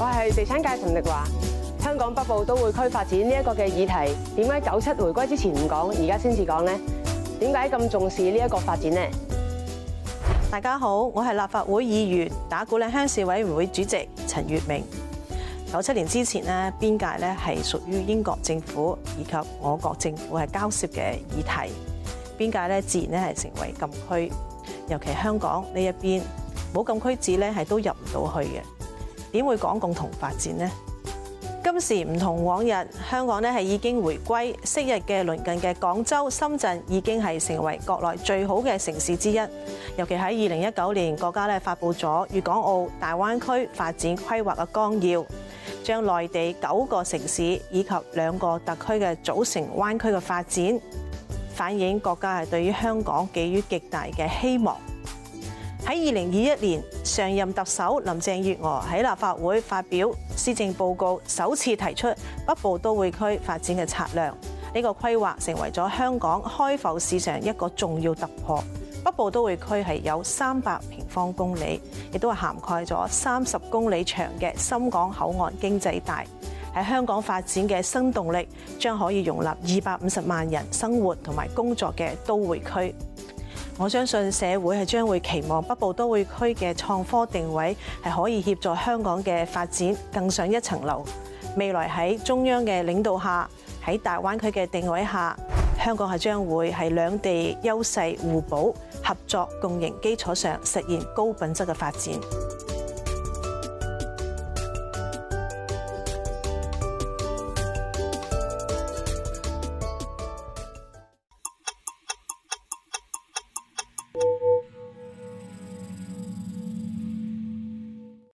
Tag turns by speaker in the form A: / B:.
A: 我係地產界岑廸樺，香港北部都會區發展呢一個嘅議題，點解九七回歸之前唔講，而家先
B: 至講呢？點解咁重視呢一個發展呢？大家好，我係立法會議員、打鼓嶺鄉事委員會主席陳月明。九七年之前呢，邊界咧係屬於英國政府以及我國政府係交涉嘅議題，邊界咧自然咧係成為禁區，尤其香港呢一邊，冇禁區紙咧係都入唔到去嘅。點會講共同發展呢？今時唔同往日，香港咧係已經回歸，昔日嘅鄰近嘅廣州、深圳已經係成為國內最好嘅城市之一。尤其喺二零一九年，國家咧發布咗《粵港澳大灣區發展規劃》嘅綱要，將內地九個城市以及兩個特區嘅組成灣區嘅發展，反映國家係對於香港寄予極大嘅希望。喺二零二一年上任特首林鄭月娥喺立法會發表施政報告，首次提出北部都會區發展嘅策略。呢個規劃成為咗香港開埠史上一個重要突破。北部都會區係有三百平方公里，亦都係涵蓋咗三十公里長嘅深港口岸經濟帶，喺香港發展嘅新動力，將可以容納二百五十萬人生活同埋工作嘅都會區。我相信社會係將會期望北部都會區嘅創科定位係可以協助香港嘅發展更上一層樓。未來喺中央嘅領導下，喺大灣區嘅定位下，香港係將會係兩地優勢互補、合作共贏基礎上實現高品質嘅發展。